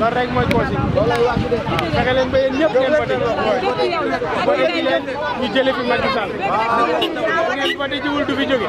loolu rek mooy consigne ah, fexe leen ba ñëpp ngeen voté voté ji leen ñu jëlee fi Macky Sall ngeen ah, ah. voté jiwul du fi jóge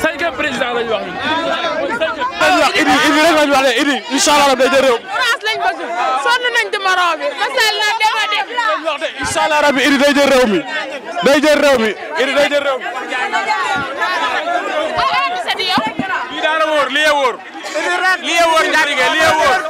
cinquième président lañu wax ñun. Idi Idi rek lañu wax ne Idi incha allah day jël réew. orange lañ bëgg sonn nañ ci morom bi. wax de incha allah rabbi Idi day jël réew mi day jël réew mi Idi day jël réew mi. Ah, ah,